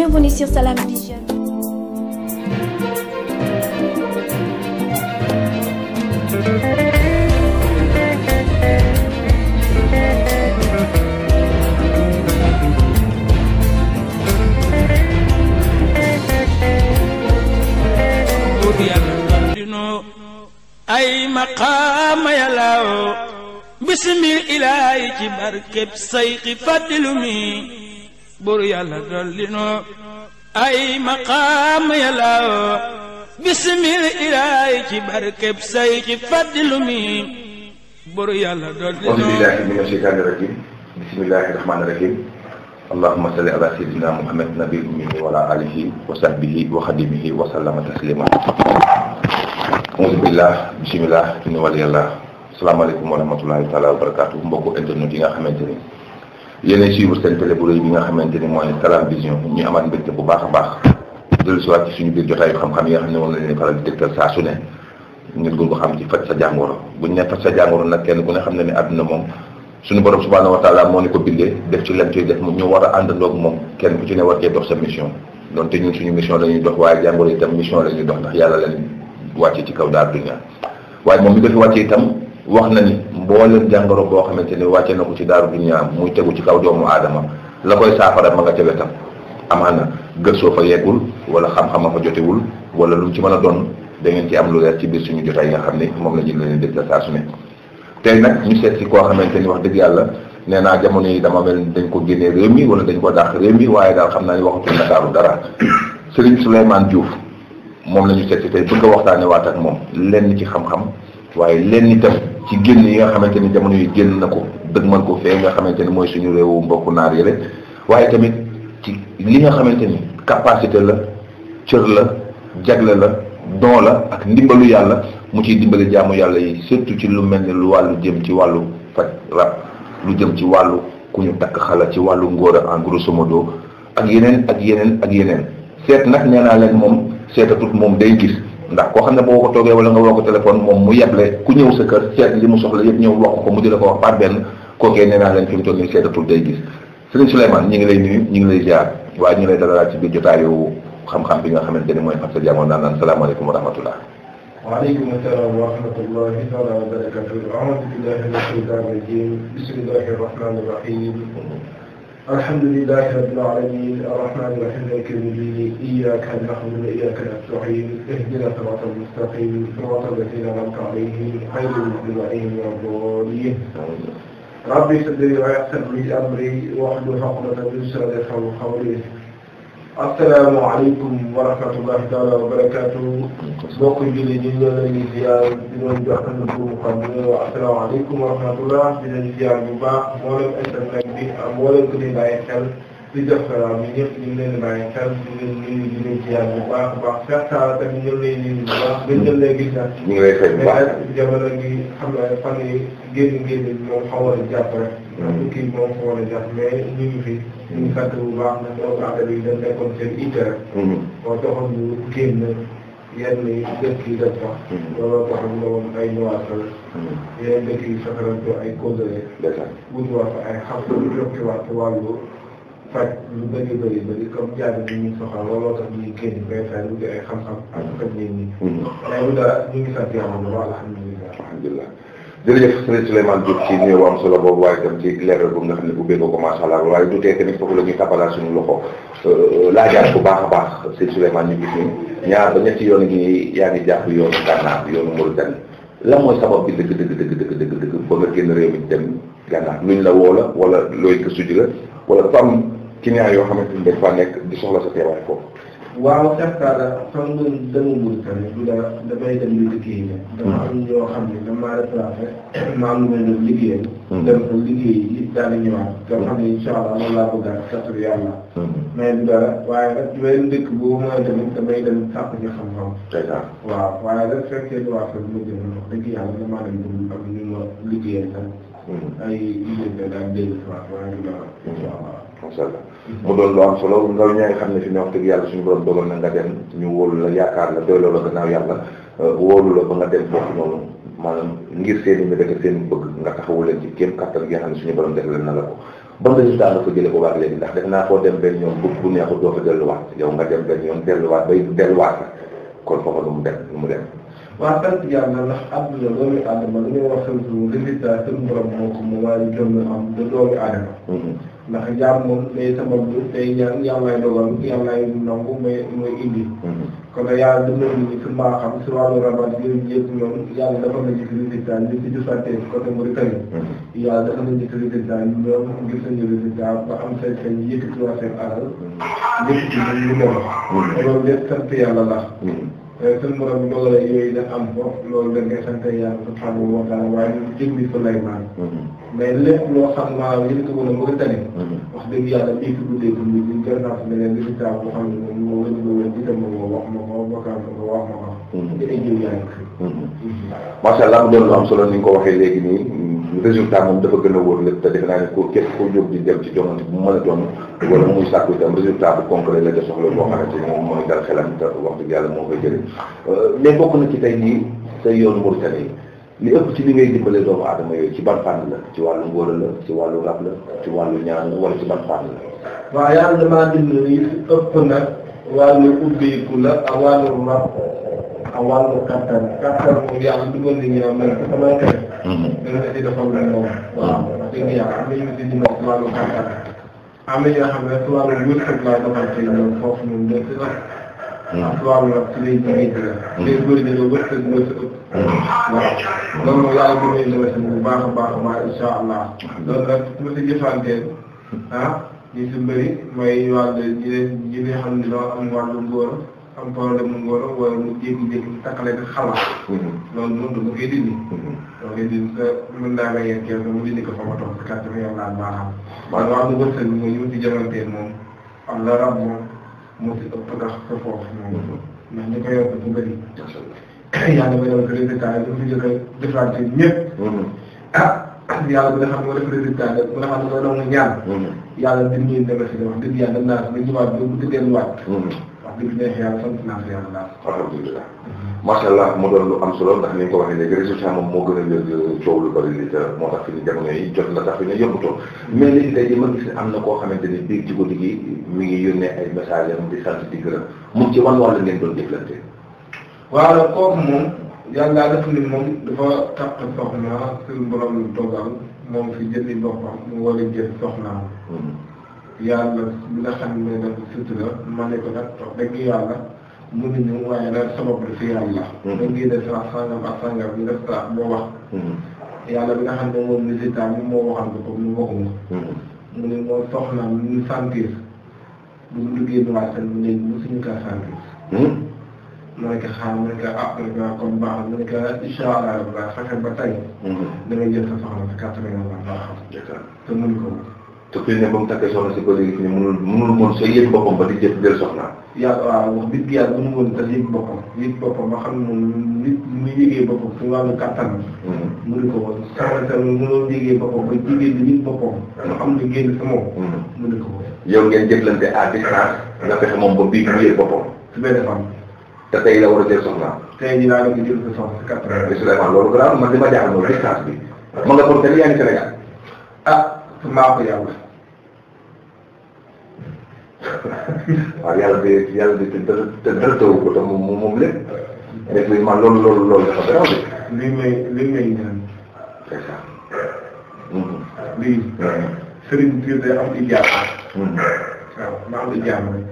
Bienvenue sur Salam Vision. ay maqaama yàllaaw bismil ilaahi ci barkeb sayxi fàddilu mi buru yàlla dolli noo ay maqaam yàlla woo bismil ilaay ci barkeb say ci faddilu mi buru yàlla dolli noo auzubillahi mina sheytaani rajim bismillahi rahmaani rahim allahuma salli ala sayyidina muhammad nabil ummihi wa ala alihi wa sahbihi wa xadimihi wa sallama taslima auzubillah bismillah tuni wal yàlla asalaamaaleykum wa rahmatullahi taala wa barakaatu mbokku internet yi nga xamante ni yéen a suivre seen télé bu rëy bi nga xamante ni mooy Salam bu baax a baax dellu si waat ci suñu biir jotaayu xam-xam yi nga xam ne moom la leen faral di dégtal saa su ne ñu gën ko xam ci faj sa jàngoro buñ ne faj sa jàngoro nag kenn ku ne xam ne ne àdduna moom suñu borom subhanahu wa moo ni ko bindee def ci lam ciy def ñu war a àndandoog moom kenn ku ci ne war cee dox sa mission doonte ñun suñu mission la ñuy dox waaye jàngoro itam mission la ñuy dox ndax yàlla leen wàcce ci wax na ni mboolem jàngoro boo xamante ni wàcce na ko ci daaru dunya muy tegu ci kaw doomu aadama la koy saafara ma nga ca wetam amaana gëstoo fa yeggul wala xam-xama fa jotewul wala lu mu ci mën a doon da ngeen ci am lu leer ci biir suñu jotaay nga xam ni moom la ñu leen dégla saa su ne tey nag ñu seet si koo xamante ni wax dëgg yàlla nee naa jamono yi dama mel dañ ko génnee réew mi wala dañ ko dàq réew mi waaye daal xam naa ni waxatul Ndakaaru dara Serigne Souleymane Diouf moom la ñu seet si tey bëgg a waat ak moom lenn ci xam-xam waaye lenn itam ci génn yi nga xamante ni jamono yi génn na ko dëgg man ko fee nga xamante ni mooy suñu réewu mbokku naar yi waaye tamit ci li nga xamante ni capacité la cër la jagle la don la ak ndimbalu yàlla mu ciy dimbali jaamu yàlla yi surtout ci lu mel ni lu wàllu jëm ci wàllu faj rab lu jëm ci wàllu ku ñu takk xala ci wàllu ngóor a en grosso ak yeneen ak yeneen ak yeneen seet nag nee leen moom seetatut moom day gis ndax koo xam ne boo ko toogee wala nga woo ko téléphone moom mu yeble ku ñëw sa kër seet li mu soxla yëpp ñëw wax ko mu di la ko wax par benn kookee nee naa leen fi mu day gis Serigne Souleymane ngi lay nuyu ñi ngi lay ziar waaye ñu ngi lay dalalaat ci biir jotaayu xam-xam bi nga xamante ne mooy xam sa jàngoon naan naan salaamaaleykum wa rahmatullah wa rahmatullahi taala wa barakatuh aoudu billahi min asheytan rajim bismillahi rahmani الحمد لله رب العالمين الرحمن الرحيم مالك يوم الدين إياك نعبد وإياك نستعين اهدنا الصراط المستقيم صراط الذين أنعمت عليهم غير المغضوب عليهم ولا الضالين ربي صدري ويسر لي أمري واحلل عقدة من لساني يفقهوا قولي asalaamaaleykum wa rahmatullahi taala wa barakaatu mbokk julli ñi ñoo leen di ziar di leen jox ëllëg bu mu xam ne wa asalaamaaleykum wa rahmatullah di leen ziar bu baax moo leen internet bi ak moo leen ko di bàyyi xel. di def xalaat ñun ñëpp ñu ngi leen di bàyyi xel di leen nuyu di leen ziar bu baax a baax Cheikh Talla tamit ñu ngi lay nuyu bu baax. gën mm. jël lay gis nag. ñu ngi lay fay bu baax mais jamono gi xam nga fan yii génn génn moom xaw a jàpp rek. tukki mm. bi moom xaw a jàpp mais ñu ngi fi. Mm. ñu ngi sant bu baax nag loolu affaire yi dañ nekkoon seen itte rek. moo taxoon ñu génn yenn dëkk yi def sax. looloo taxoon nga woon ay nuwaasal. yeneen dëkk yi sax ay causerie. d' accord wutiwaat fa ay xam-xam yokkiwaat ci wàllu. faj lu bëri bëri bëri comme jaabi bi ñu soxla looloo tax ñuy génn benn saa yi ay xam-xam hmm. bu dara alhamdulilah. alhamdulilah jërëjëf sëriñ Souleymane Diop ci nuyoo am solo boobu waaye itam ci leeral boobu nga xam ne bu béy ko macha allah waaye du tee la ñuy tabalaat suñu loxo euh, laajaat bu baax a baax sëriñ Souleymane ñu gis ni ñaar ba ñetti yoon yi yaa ngi jàpp yoonu gànnaar bi yoonu Mauritanie lan mooy sabab bi dëgg dëgg dëgg dëgg ba nga génn réew mi dem gànnaar luñ la woola la wala looy gëstu ji la wala am client yoo xamante ni dañ faa nekk di soxla sa teewaay foofu. waaw Cheikh Talla xam nga dama bëgg tamit du la damay dem di liggéey la. Hmm. dama am ñoo xam ne damaa retracé maa ngi mel ni liggéeyam. Hmm. dem fa liggéey yi daal di ñëwaat. Hmm. nga xam ne incha allah loolu laa bëgg a kattu yàlla. mais du dara waaye nag beneen dëkk boobu mooy tamit damay dem sàkk ñu xam-xam. tey waaw waaye nag fekkee du waa fa mu jëm wax dëgg yàlla damaa dem ba am ñu ma liggéeyal nag. ay liggéey daal dégg fa waaye du dara. incha allah. masallah mu doon lu am solo ndaw ñaa ngi xam ne fi ne wax dëgg yàlla suñu borom dogal na nga dem ñu wóolu la yaakaar la doyloo la gannaaw yàlla euh, wóolu la ba nga dem foofu noonu maanaam ngir seen i mi dëkk seen bëgg nga taxawu leen ci kéem kattan gi nga xam ne suñu borom def leen na la ko ban nga ko jëlee bu baax léegi ndax def naa koo dem benn yoon bu bu neexul doo fa delluwaat yow nga dem benn yoon delluwaat bay delluwaat la kon foofa lu mu dem lu mu dem waaw sant yàlla ndax àdduna doomi aadama dañoo wax sant résultat suñu borom moo ko mu waaye gëm na ndax jaam moom day sabablu day ñaan yàllaay dogal yàllaay nangu mooy mooy indi. Mhm. kon nag yàlla def nañu ni fi maa xam si wàllu rabat yooyu yëpp ñoom yàlla dafa nañu ci résultat ñu ci jëfandikoo ci côté Mauritanie. Mhm. yàlla dafa nañu ci résultat ñoom gis nañu résultat ba am seen seen yëkkatiwaat seen alal. yëkkati mhm. ñu ñu loolu lépp sant yàlla la. sunu borom dogale yooyu dafa am ko loolu da ngay sant yàlla subhanahu wa taala waaye ñu jëmmi Souleymane mm-hmm. mais lépp loo xam maanaam yéen ko wala bëgg a tane mm-hmm. wax dëgg yàlla bii fi guddee ko ñu ñu gën naa fi ne résultat boo xam ne moom moo wëñ ko wëñ di dem moo wax ma ko bakkaat ma ko wax ma ko dina mm-hmm. jëw yaa ngi fi macha allah mu doon lu am solo ni nga ko waxee léegi nii résultat moom dafa gën a wóor lépp te defe naa ne ko képp koo jóg di dem ci joŋante bu mën a doon wala muy sàkku itam résultat wax dëgg yàlla moo koy jëlee euh, mais bokk na ci tey nii sa yoon Mauritanie li ëpp ci li ngay dimbale doomu aadama yooyu ci ban fànn la ci wàllu ngóor la ci wàllu rab la ci wàllu ñaan wala ci ban fànn la. waaw yàlla damaa dimbali ëpp nag wàllu ubbeeku la ak wàllu rab xam wàllu kattan kattan moom yàlla dugal nañu yow man dafa may tere. dana la ci defal la ñoom. waaw dëgg yàlla am nañu si dina si wàllu kattan. am na ñoo xam ne si wàllu wërsëg laa defal tey ñoom foofu ñun dëkk si sax. waaw si wàllu nag si lay jigéen ñi. tey góor ñi dañoo wërsëg moo si ëpp. Mm-hmm. waaw loolu moom yàlla dugal nañu la si bu baax a baax maa insha allah. loolu nag su si jëfandikoo ah ñu si bëri mooy wàllu ñi leen ñi nga xam ne doo am wàllu góor. am problème mu ngóor wala mu jékki-jékki takkale ko xalaat. Mhm. loolu moom dama koy dindi. Mhm. dama koy dindi sa mën naa la yegg yow mu dindi ko fa ma toog sa kàttan yow laa baaxam. waaw waaw mu wërsëg mooy ñu ci jamantee moom am la rab moom moo ci ëpp ndax sa foofu moom. Mhm. ndax ñu ko yor bu bëri. yàlla ba yor résultat yi dafa jëkk a jëflante ñëpp. ah yàlla bi nga xam ne moo def résultat bi bu nga xam ne moo doon ñaan. yàlla dinañu demee si wax dëgg yàlla naa la ñu ñëwaat ba bu dëgg dëgg neex yàlla sant naa fi yàlla daal. alhamdulilah macha allah mu doon lu am solo ndax ni nga ko waxee léegi résultat moom moo gën a yëg coow lu fi ni jamono yi jot na fi ñu yëngatoo mais léegi ma gis am na koo xamante ni biir Djiko Diggi mi ngi yónnee ay messages am di sant di gërëm moom ci wan wàll ngeen doon jëflante. waaw kooku mu war a jël soxnaam. Hmm. yàlla li nga xam ne nag surtout la ma ne ko nag wax dëgg yàlla mënuñu waaye nag sabab la si yàlla. Mm-hmm. dañ koy def sax sangam ak sangam ñu def sax boo wax. Mm-hmm. yàlla bi nga xam ne moom résultat bi moo waxal ko comme ni ma waxoon mm-hmm. ko. mu ne moom soxnaam ñu sentir bu mu duggee noor seen mu ne mosuñu kaa sentir. ma ne ko xaar ma ne ko ah ma comme baax na ma ne ko incha allah fexe ba tey. da ngay jël sa soxna sa kàttan ak yàlla baax. te mënu ko. te ku ne ba mu takkee soxna si ba léegi fi ne mënul mënul woon sa yëg boppam ba di jëf jël soxna yàlla waaw wax dëgg yàlla mënul woon sa yëg boppam yëg boppam ba xam ne moom nit mu yëgee boppam su wàllu kattan mm-hmm. mënu ko woon saxatam mënul yëgee boppam ba jigéen di nit boppam nga xam ne génn sa mu mm-hmm. mënu ko woon yow ngeen jëflante à distance nga fexe moom ba bii mu yëg boppam su benn femme te tey la war a jël soxna tey dinaa la ko jël sa soxna si kattan bi man li ma jaaxal mooy distance bi ma nga portel yaa ah maa ko waaw yàlla bi yàlla bi te dara te dara tawu ko te moom moom lépp. lépp lépp man loolu loolu loolu dafa garaaw de. lii may lii may ñaan. c'est ça. lii. Serigne Thiel day am di jaam. waaw ma am di jaam rek.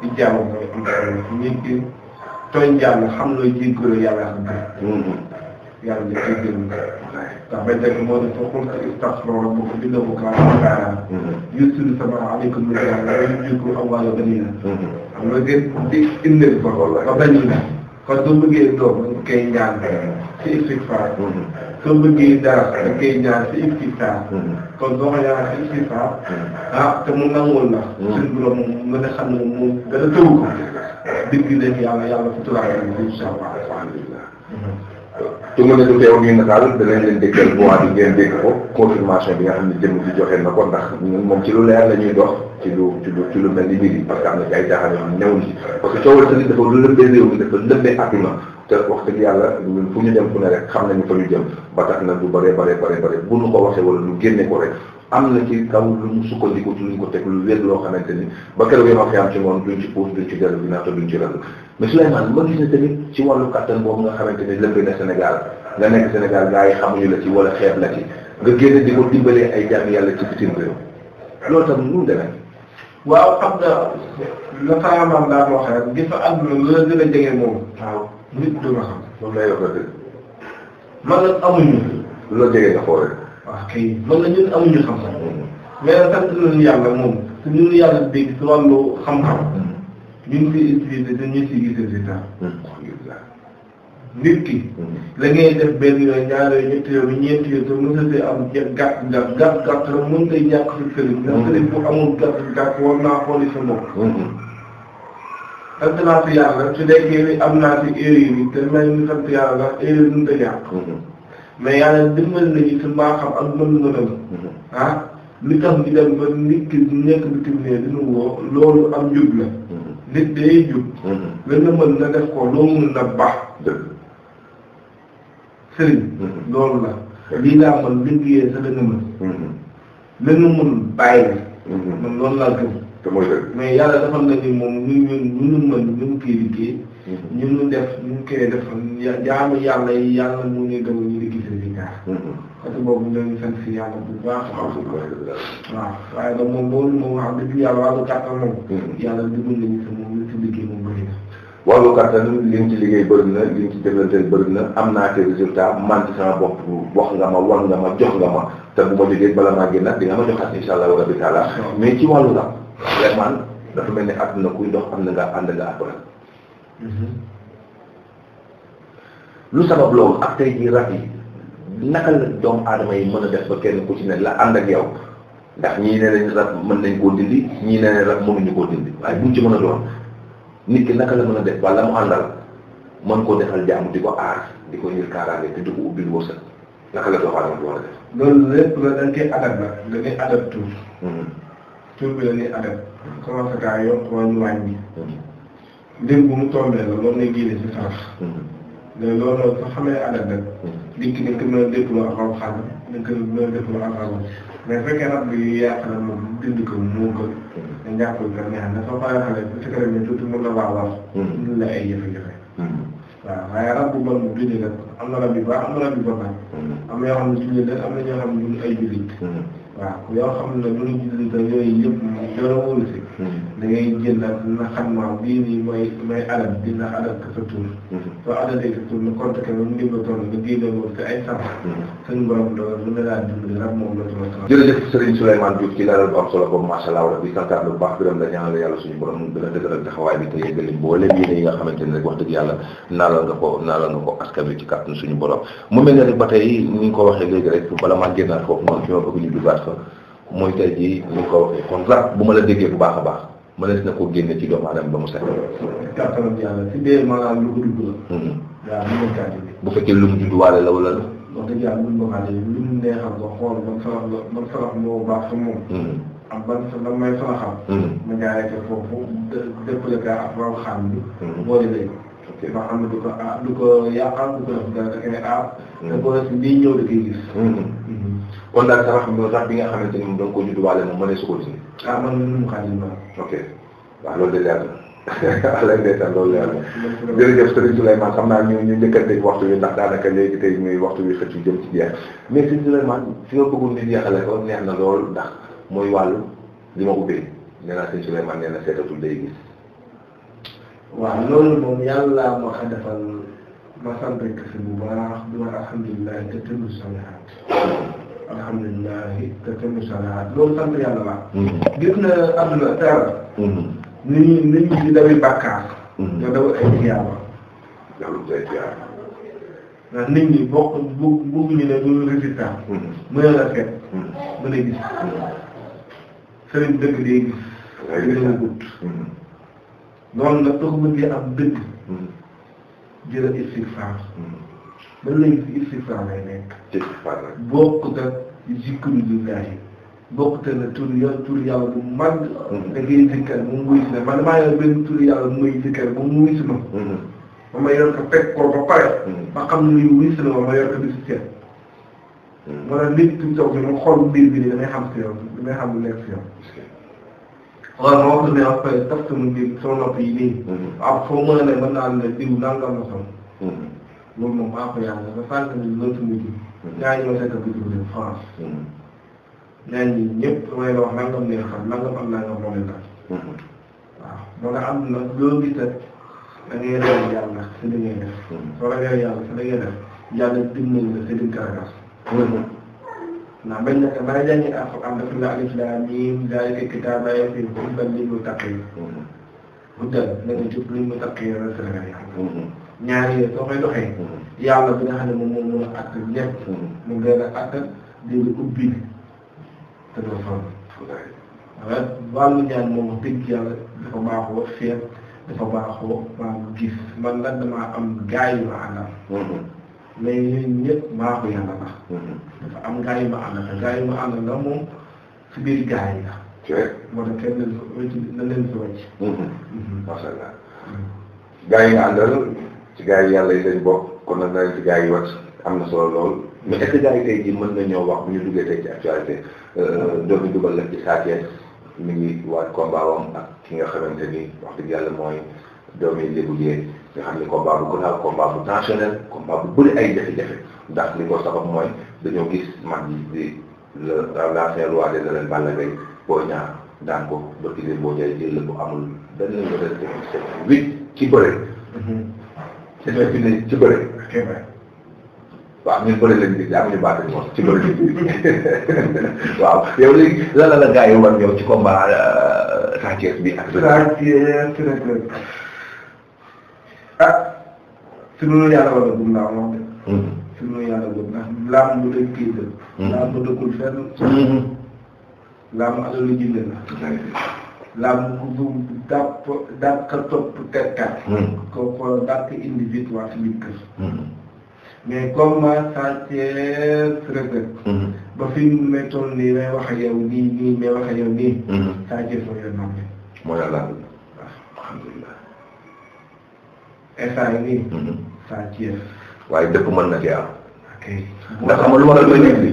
di jaam mooy am solo nit ki tooñ jaam xam nga jéggalu di jéggalu. ndax يرسل السماء عليكم مدرارا ويمددكم أموالا وبنينا xam nga ngeen di indil ko ba banina kon soo bëggee doom dañ koy ñaan si istigfaar mhm. soo bëggee dara dañ koy ñaan si istigfaar mhm. kon soo ko ñaan si istigfaar mhm. ah te mu nangoon na suñu borom mën a xam ne moom dana tëw ko digg leen yàlla yàlla fu turaay insha allah su ma ne du teew nii nataal danañ leen déggal bu waa bi ngeen dégg ko confirmation bi nga xam ne jëm ci joxe na ko ndax moom ci lu leer la ñuy dox ci lu ci lu ci lu mel ni mbir parce que am na ci ay jaaxal yu newul ci parce que coowal tamit dafa lëmbee réew mi dafa lëmbee àdduna te wax dëgg yàlla ñun fu ñu dem fu ne rek xam nañu fa ñu jëm ba tax na du bëree bëree bëree bëri bu ñu ko waxee wala lu génnee ko rek am na ci kaw lu mu sukkandiku ci luñ ko teg lu wér loo xamante ni ba keroog yi ma fi am ci ngoon duñ ci puus duñ ci dellu ginnaaw te duñ ma gis wàllu kattan boobu nga xamante ni lëmbee na Sénégal nga nekk Sénégal gaa yi xamuñu wala xeeb la ci nga génn di ko ay jàmm yàlla ci bitim réew loolu mu demee. waaw xam nga la saamaam daan wax a jege moom. waaw lay wax dëgg. man nag amuñu. lu la jege nga xool waaw ñun amuñu xam-xam mais sant nañu yàlla moom su ñu yàlla dégg si wàllu xam-xam ñu ngi koy utilisé te ñu ngi ciy gis résultat. ki. la ngay def benn yoon ñaar yoon ñetti yoon ñeenti yoon te mënut mm-hmm. bu amul gàtt gàtt war naa xooli sa bopp. Mm-hmm. sant naa si yàlla su nekkee am naa si erreur yi te may ñu sant yàlla ndax erreur mënut a yàq. mais yàlla dimbali nañu ci mbaaxam ak mën-mënam. Mm-hmm. ah li tax ñu dem ba nit ki nekk bitim ne dina woo loolu am jub la. Mm-hmm. nit day jub. la mm-hmm. nga mën na def ko loo mën na baax. sëriñ. loolu la lii laa mën liggéeyee sa la nga mën. la nga mën bàyyi. man loolu laa gëm. te mooy dëgg. mais yàlla defal na ni moom ñu ñu ñu mën ñu koy liggéey. Mm-hmm. ñun ñu def ñu koy defal jaamu yàlla yi yàlla mu ngi gëm ñu ngi gis résultat. Mm-hmm. côté boobu ñoo ngi sant si yàlla bu baax. alhamdulilah waaw waaye nag moom boobu moom wax dëgg yàlla wàllu kàttan moom. Mm-hmm. yàlla dugal nañu si moom ñu si liggéey moom bëri na. wàllu kattan li nga ci liggéey bëri na li nga ci jëflanteel bëri na am naa te résultat man ci sama bopp wax nga ma wan nga ma jox nga ma te bu ma jógee bala maa génnaat di nga ma joxaat incha allah rabbi taala mais ci wàllu la vraiment dafa mel ni àdduna kuy dox am na nga ànd nga ak lu sabab loolu ak tey jii rab yi naka la doomu aadama yi mën a def ba kenn ku ci ne la ànd ak yow ndax ñii ne rab mën nañ koo dindi ñii ne lañ rab mënuñu koo dindi waaye buñ ci mën a doon nit ki naka la mën a def wala mu àndal mën koo defal jàmm di ko aar di ko yër kaaraange te di ko ubbil wërsëg naka la doomu aadama di war loolu lépp la dañ koy adab la nga koy adab tur bi la ñuy arrêté commencé kaa yokk wàññi wàññi. lim bu mu tombé la loolu lay génne si sarax. Mm-hmm. mais loolu soo xamee arrêté rek. Mm-hmm. nit ki dañ ko mën a déglu ak aw xaalis dañ ko mën a déglu ak aw mais su fekkee rab bi yàq na moom dindi ko moo gën. dañ jàpp ne xam ne soo bàyyi xale bu fekkee ne tuuti mën na waa war. mën mm-hmm. na ay jafe-jafe. waaw waaye rab bu bon bu dindi rek am na rab yu baax am na rab yu bon nag. am na yoo xam ne jullit la am na ñoo xam ne ay jullit. waaw yoo xam ne lu ñu julli yooyu yëpp jarul si da ngay génnaat dina xam maam lii nii mooy mooy alal dina alal ko sa tur. soo alalee sa tur nga compte que mu ngi doon nga génne mm-hmm. la sama sama. jërëjëf baax yàlla suñu borom gën a dëgëral yi nga xamante ne rek wax dëgg yàlla naalal nga ko naalal nga ko askan wi ci kàttan suñu borom mu mel ne rek ba tey ni nga ko waxee léegi rek bala maa génnaat foofu noonu fi ma bëgg ñu duggaat fa mooy tey jii ñu ko waxee bu ma la déggee bu baax a baax mënees na ko génne ci doomu aadama ba mu set. kàttanam yàlla si biir maanaam lu ko dugg la. waaw mm-hmm. ñu ngi kàddu gi. bu fekkee lu mu judduwaale la wala la. ba am ban sa lan may saraxam. ma ñaaree ko foofu dëppale kaa ak raw ko. Mm-hmm. ok ba xam ne du ko ah du ko yàqal du ko def aar. da ah, mm-hmm. ko def lii ñëw da koy gis. kon daal sa xam ne bi nga xamante ni moom da nga ko judduwaale moom mënee su ko dindi. ah man man man ok waaw loolu de leer na alal ndeysaan loolu leer na jërëjëf Serigne Souleymane xam naa ñu ñu njëkkanteeg waxtu bi ndax daanaka léegi tey muy waxtu bi xëcc jëm ci jeex mais Serigne Souleymane fi nga bëggoon di jeexale ko neex na lool ndax mooy wàllu li ma ubbee nee naa loolu moom yàlla alhamdulilah te tamit salaat loolu sant yàlla la. Mm-hmm. gis na àdduna teral. ni ñuy ni ñuy di dawee bàkkaar. Mm-hmm. nga daw ay ziyaaba. yàlla du ay ziyaaba. ndax nit ñi bokk bu bëgguñu ne du résultat. Mm-hmm. mën na la seet. mën a gis. sëriñ dëgg day gis. ay résultats loolu nag doo ko bëggee am dëgg. jël istigfaar ba léegi ci istigfaar lay nekk. ci istigfaar lay nekk bokkut ak zikrullahi bokkut ak ne tur yor tur yàlla bu mag. Mm-hmm. da ngay zikkar mu muy si ne man maa yor benn tur yàlla bu may zikkar bu mu muy si ma. Mm-hmm. ba ma yor ko teg ko ba pare. Mm-hmm. ba xam ne muy si ne ma ma yor ko di si seet. maanaam nit ki toog bi ma xool mbir bi nii damay xam si yow damay xam lu nekk si yow. waaw ma wax dëgg yàlla après taf sama mbir sama nopp yi nii. waaw foo mën a ne mën naa ne diw nangam la sama. loolu moom maa ko yàlla ba sànq ni loolu mujj ñaa mm-hmm. ñoo fekk ko jublu France ñaa mm-hmm. ñi ñëpp may la wax nangam leen xam nangam am nangam moo leen xam mm-hmm. waaw moo nga am na loo gis rek da ngay rew yàlla si li ngay def soo la rew yàlla si li ngay def yàlla dimbali la si lim karagas ndax bañ naka bala jàngi alxuraan dafa la alif laam miim daalika kitaaba fi hudan lil muttaqiin hudan na nga jub lil muttaqiin ñaari yooyu soo koy doxee hmm. yàlla bi nga xam ne moom moom mën a àtt lépp hmm. mu ngi leen a àttal di la ubbi te doo sonn wàllu ñaan moom wax dëgg yàlla dafa baaxoo feet dafa baaxoo maam gis man nag damaa am gaay yu ma àndal hmm. mais ñun ñëpp maa ko la dafa am gaay ma àndal te ma àndal la moom si biir gaay yi la moo tax kenn leen si wëcc na leen si wëcc macha allah gaay yi nga àndal ci gars yi yàlla yi lañ kon nag nañ ci gars yi wat am na solo lool mais est-ce yi tey jii mën nañoo wax bu ñu duggee tey ci actualité euh, doomu dugal la ci Sa Thiès mi ngi waat combat wam ak ki nga xamante ni wax dëgg yàlla mooy doomi Lébu Dieng nga xam ni combat bu gën a combat bu tensionnel combat bu bëri ay jafe-jafe ndax li ko sabab mooy dañoo gis mag yi di le l'ancien roi des arènes Balla Gaye boo ñaar daan ko ba kii boo jaay jël bu amul benn nga def ci huit ci bëre. Mm-hmm. ci fekk ne ci bëri. waaw ñun bëri lañ gis amuñu baat lañ wax ci bëri lañ gis waaw yow léegi lan la la gars yi war ñëw ci combat euh, Sathiès bi ak. Sathiès Reug Reug ah sunu yàlla war a gëm laa moom de. Hmm. sunu yàlla gëm ndax laam bu dañ koy jël. laam bu dëkkul fenn. laam hmm. alalu jinde la. la mu dàpp dàq topp terkat hmm. kooku dàq indi victoire si biir kër hmm. mais comme Sa Thiès Reug Reug ba fi mu may toll nii may wax ak yow nii nii may wax ak yow nii Sa Thiès mooy yoon nam bi mooy yàlla waaw alhamdulilah instant yi nii Sa hmm. Thiès waaye dëpp mën na ci am ndax xam nga lu ma la doon nekk bi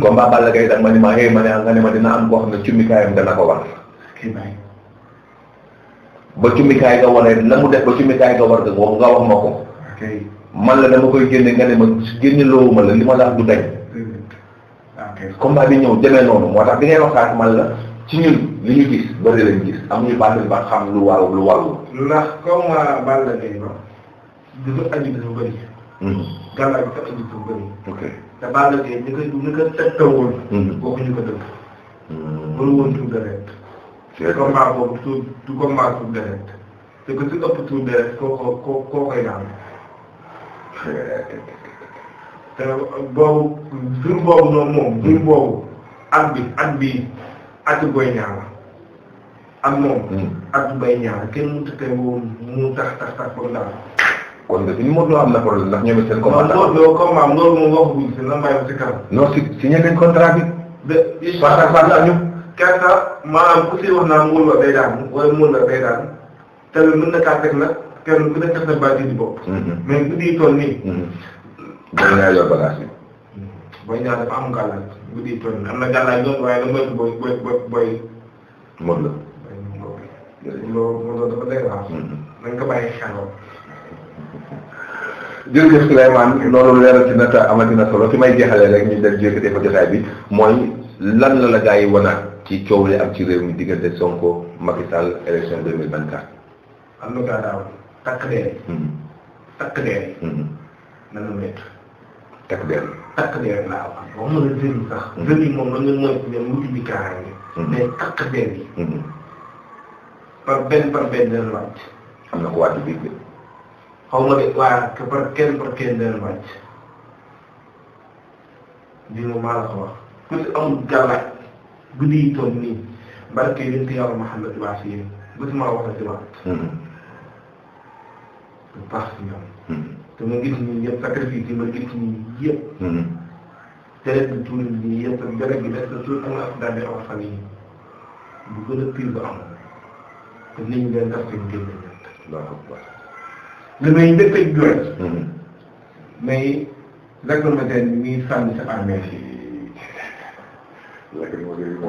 combat Balla Gaye dag ma ni ma xëy ma ne nga ne ma dina am koo xam ne cummi kaayam dana ko wax kibaay ba cumikaay nga waree la mu def ba cumikaay nga war nga nga wax ma ko man la dama koy génne nga ne ma génne loowu ma la li ma la du dañ ah, combat bi ñëw demee noonu moo tax bi ngay waxaat man la ci ñun li ñu gis bëri lañ gis amuñu bàttali ba xam lu waaw lu waaw ndax comme Balla Gaye ba dafa aju dafa bëri mhm. gàllaaj dafa ko tegtawoon mhm. te combat boobu suuf du combat suuf deret te que si ëpp suuf deret koo koo koo koy daan. te boobu suñ boobu noonu moom suñ boobu at bi at bi atu Boy Niang la ak moom. Hmm. atu Boy Niang kenn mënut a tey mu tax tax tax ba daan. kon de suñu Modou Lo am na problème ndax ñoom seen. combat taxaw non combat am loolu moom waxaguñ si na mbay si kanam. non si si ñeneen contrat bi. de incha allah kersa maanaam ku si wax naa muul wa bay daan wala muul wa bay daan te mën na kaa teg nag kenn ku ne kersa baati di bopp. Mhm. mais guddi yi toll nii. Mhm. booy ñaar mhm. na gàllaaj doon waaye da moytu booy booy booy booy. moom la. loolu loolu dafa doy waar. nañ ko bàyyi xeloo. jërëjëf Souleymane loolu leeral ci na ta amati na solo fi may jeexalee rek ñu def mooy lan la la gaa yi wanaat ci coow li am ci réew mi diggante Sonko Macky Sall élection 2024. am na gaa daaw takk deer. Mm-hmm. takk deer. Mm-hmm. na nga métti. takk deer. takk deer laa wax. waxuma la jëriñ sax. jëriñ mm-hmm. moom da nga moytu ne mujj bi kaaraange. mais takk deer yi. par benn par benn dana wàcc. am na ko wàcc biir bi. xaw ma ne waa par kenn par kenn dana wàcc. bii moom maa la ko wax. ku si amul gàllaaj. guddi yi toll nii barke yonent yàlla Muhammad wax si yéen gisuma waxati waat. lu baax si ñoom. Hmm. te ma gis ñun yëpp sacrifice yi ma gis ñun hmm. yëpp. deret bi tuuri ñun yëpp ak deret bi des na toujours am na ak daal di aw fan yi bu gën a pire bu amul te nit ñi leen def seen génn li may njëkk a jooy. Hmm. mais réglementaire bi muy sànni sa armée yi.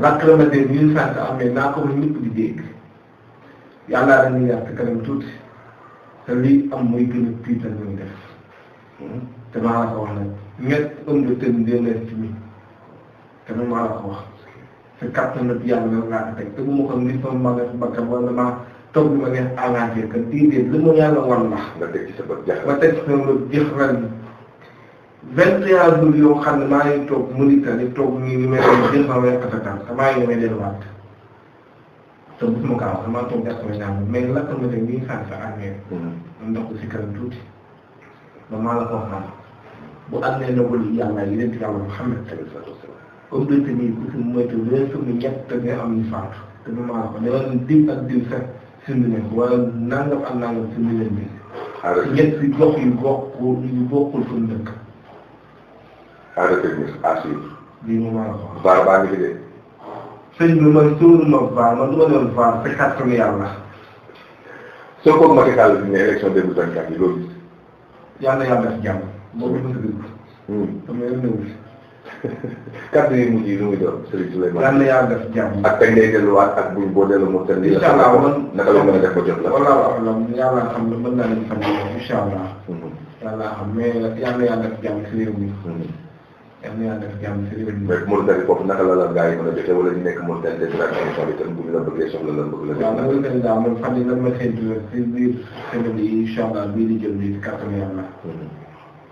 naka la ma dégg ñu sant am mais naa ko mën ñëpp di dégg yàllaa dañuy yàq sa kanam tuuti te lii am mooy gën a tiital ñu def hmm? te maa la ko wax nag ñett ëmb tën dee leen ci mi te man maa la ko wax sa kàttan nag yàlla na laa ko teg te bu ma ko nit sama ma nga bakkam wala maa toog li ma neex arrangé que déedéet li ma yàlla wan la nga teg ci sa bët jaxal ma teg ci sa bët jaxal vingt et un jours yoo xam ne maa ngi toog Mauritanie toog nii li may doon deux cent vingt asakaam te maa ngi may delluwaat te bu ma gaaw damaa toog gerte ma ñaar mais lakk ma tey nii xaar sa armée. man mm-hmm. ndox si kanam tuuti. ba maa la ko waxal bu armée nagul yàlla yéen ci yàlla Muhammad comme day te nii ku si moytu weer suñu ñett te nga am ñu faatu te ba maa la ko dama diw ak diw sax suñu leen wala nangam ak nangam suñu leen bi. xaaral ñett si gox yu bokk yu bokkul suñu dëkk. à retenir à suivre. bii moom VAR baa ngi fi de. sëñ bi man sóoruma VAR man dama doon VAR sa kàttanu yàlla. soo ko Macky Sall ne élection deux mille vingt quatre yi loolu. yàlla yàlla def jàmm. Hmm. moom it mënut a dugg. dama yàlla néew si. kàddu yi mujj yi lu muy doon Serigne Souleymane. yàlla yàlla def jàmm. ak kañ lay delluwaat ak buñ boo delloo moom seen. incha allah man naka la mën a def ba jot la. wallaahu alam yàlla xam ne mën naa leen hmm. xam ne incha allah. yàlla xam mais yàlla yàlla def jàmm ci réew mi. Hmm. am na def jàmm si réew mi. mais Mauritanie foofu naka la la gaa yi mën a jotee wala ñu nekk Mauritanie def naa émission bi tam bu ñu la bëggee soxla lan bëgg la. waaw Mauritanie daal man fan yii lan ma séntu si biir semaine yi incha allah bii di jël nii si kàttan yàlla. Mhm.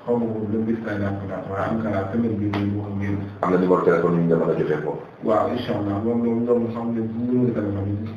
xaw ma ko lu bis lay dàq daal waaye am na semaine bii mooy bu ko génn. am na numéro téléphone yu ñu mën a jotee foofu. waaw incha allah moom moom loolu xam ne numéro téléphone yi.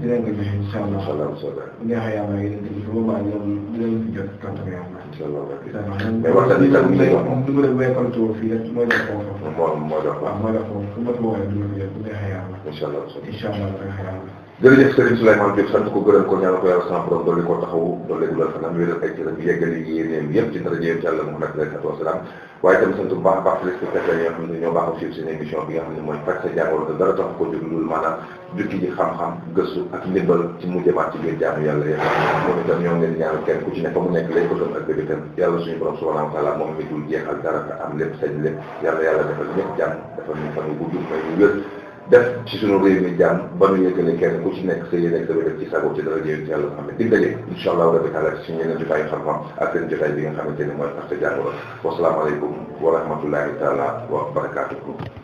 dinañ ko joxe incha allah. incha allah incha allah. neex a yàlla yéen a ngi déglu ba mu baax ñoom dinañ fi jot kàttan yàlla mais waxtaan itam ñu lay wax moom du ma def weekantu fii rek mooy def foofu. moo moo def foofu waaw moo def foofu fu ma ko waxee du ma ko def bu neexee yàlla. incha allah incha allah neexee yàlla. jërëjëf Serigne Souleymane Diop sant ko gërëm ko ñaanal ko yàlla sama borom dolli ko taxawu dolli ko lal fanaan wéral ay cëram yeggali yéeneem yëpp ci dara jëm ci yàlla moom nag rek wa salaam waaye itam sant bu baax baax téléspectateurs yi nga xam ne ñoo baaxam suivre seen émission bi nga xam ne mooy faj sa jàngoro te dara tax ko jóg loolu maanaam jukki ji xam-xam gëstu ak ndimbal ci mu jëmaat ci biir jaamu yàlla yëpp moom itam ñoo ngi leen ñaanal kenn ku ci nekk mu nekk lay ko doon ak itam yàlla suñu borom subhanahu wa taala moom mi dul jeexal dara te am lépp sañ lépp yàlla yàlla defal ñëpp jàmm dafa ñu fan bu gudd may ñu wér def ci suñu réew mi jàmm ba nu yëgale kenn ku ci nekk sa yéene sa wér ci sago ci dara jëriñ ci yàlla xam ne dig daje incha allah rabbi taala ci suñu yeneen jotaayu xam-xam ak seen jotaay bi nga xamante ne mooy parce que jàngoro wasalaamaaleykum wa rahmatullahi taala wa